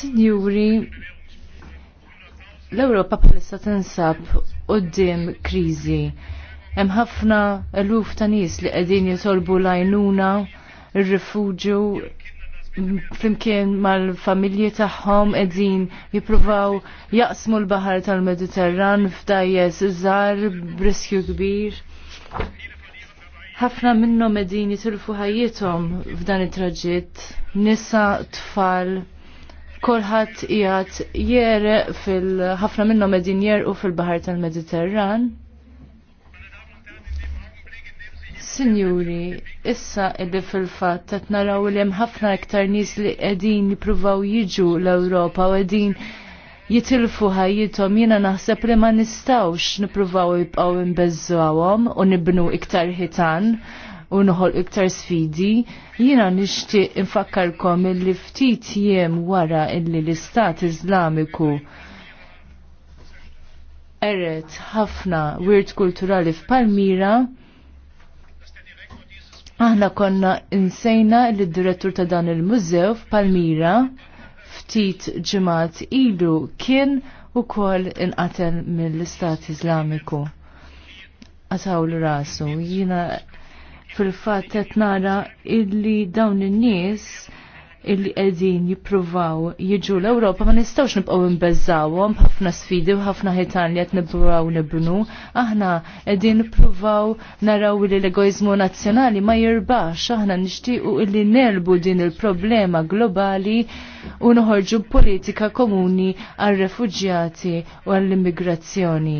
Sinjuri, l-Ewropa bħalissa tinsab qoddim kriżi. Hemm ħafna eluf ta' nies li qegħdin jitolbu l-għajnuna, ir-rifuġju, flimkien mal-familji tagħhom qegħdin jippruvaw jaqsmu l-baħar tal-Mediterran f'dajjes iżgħar b'riskju kbir. Ħafna minnhom qegħdin jitilfu ħajjithom f'dan it-traġitt, nisa, tfal, Kulħadd jgħat jereq fil-ħafna minnhom qegħdin jerqu fil-Baħar tal-Mediterran. Sinjuri, issa illi fil-fatt qed naraw li hemm ħafna iktar nies li qegħdin jippruvaw jiġu l-Ewropa u qegħdin jitilfu ħajjithom jiena naħseb li ma nistawx nippruvaw jibqgħu nbeżżawhom u nibnu iktar ħitan u nħol iktar sfidi, jina nishtiq infakkarkom illi ftit jiem wara illi l-Istat Islamiku eret ħafna wirt kulturali f'Palmira, aħna konna insejna li d-direttur ta' dan il-mużew f'Palmira ftit ġemat ilu kien u kol inqatel mill-Istat Islamiku. Għataw l-rasu, jina fil-fatt qed nara illi dawn in-nies illi qegħdin jippruvaw jiġu l-Ewropa ma nistgħux nibqgħu nbeżżawhom ħafna sfidi u ħafna ħitan li qed nippruvaw nibnu. Aħna qegħdin nippruvaw naraw li l-egoizmu nazzjonali ma jirbax, aħna nixtiequ illi nelbu din il-problema globali u noħorġu politika komuni għal refugjati u għall immigrazzjoni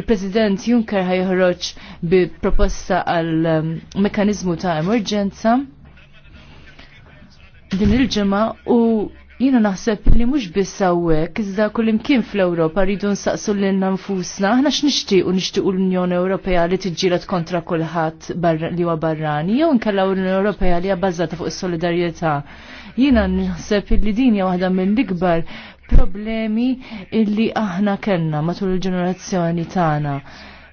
Il-President Juncker ħajħroġ bi proposta għal um, mekanizmu ta' emerġenza din il-ġemma u Jina naħseb li mhux biss hawnhekk iżda kullimkien fl-Ewropa rridu nsaqsu lilna nfusna, aħna x'nixtiequ nixtiequ l-Unjoni Ewropea li tiġġieled kontra kulħadd li huwa barrani jew nkella l-Unjoni Ewropea li hija bbażata fuq is-solidarjetà. Jina naħseb li din hija waħda mill-ikbar problemi illi aħna kellna matul il-ġenerazzjoni tagħna.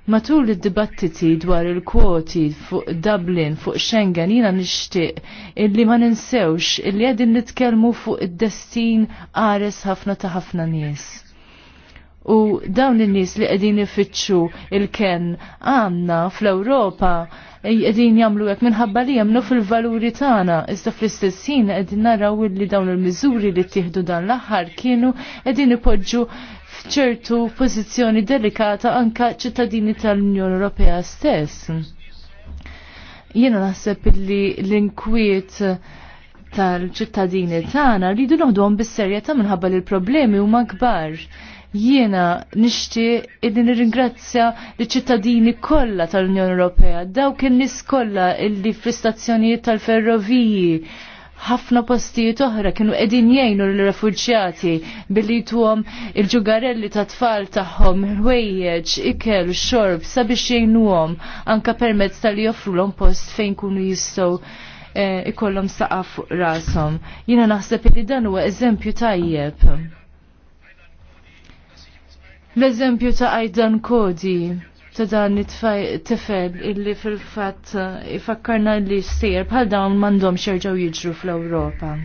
Matul id-dibattiti dwar il-kwoti fuq Dublin, fuq Schengen, jina nishtiq illi ma ninsewx illi għedin nitkelmu fuq id-destin għares ħafna ta' ħafna nies. U dawn in-nies li qegħdin ifittxu il-ken għandna fl-Ewropa qegħdin jagħmlu hekk minħabba li għamlu fil-valuri tagħna, iżda fl-istess għedin qegħdin naraw li dawn il-miżuri li ttieħdu dan l-aħħar kienu qegħdin ipoġġu f'ċertu pożizzjoni delikata anka ċittadini tal-Unjoni Ewropea stess. Jiena naħseb li l-inkwiet tal-ċittadini tagħna rridu noħduhom bis-serjetà minħabba li l-problemi huma kbar jiena nishti illi nirringrazzja li ċittadini kollha tal-Unjoni Ewropea, dawk in-nies kollha illi fl-istazzjonijiet tal-ferroviji, ħafna postijiet oħra kienu qegħdin jgħinu l-refuġjati billi tuhom il-ġugarelli ta' tfal tagħhom ħwejjeġ, ikel, xorb sabiex jgħinuhom anke permezz tal joffrulhom post fejn kunu jistgħu eh, ikollhom saqa' fuq rashom. Jiena naħseb li dan huwa eżempju tajjeb. L-eżempju ta' Aidan Kodi ta' dan tifel illi fil-fat eh, ifakkarna li s-sir bħal dawn mandom xerġaw jiġru fl-Europa.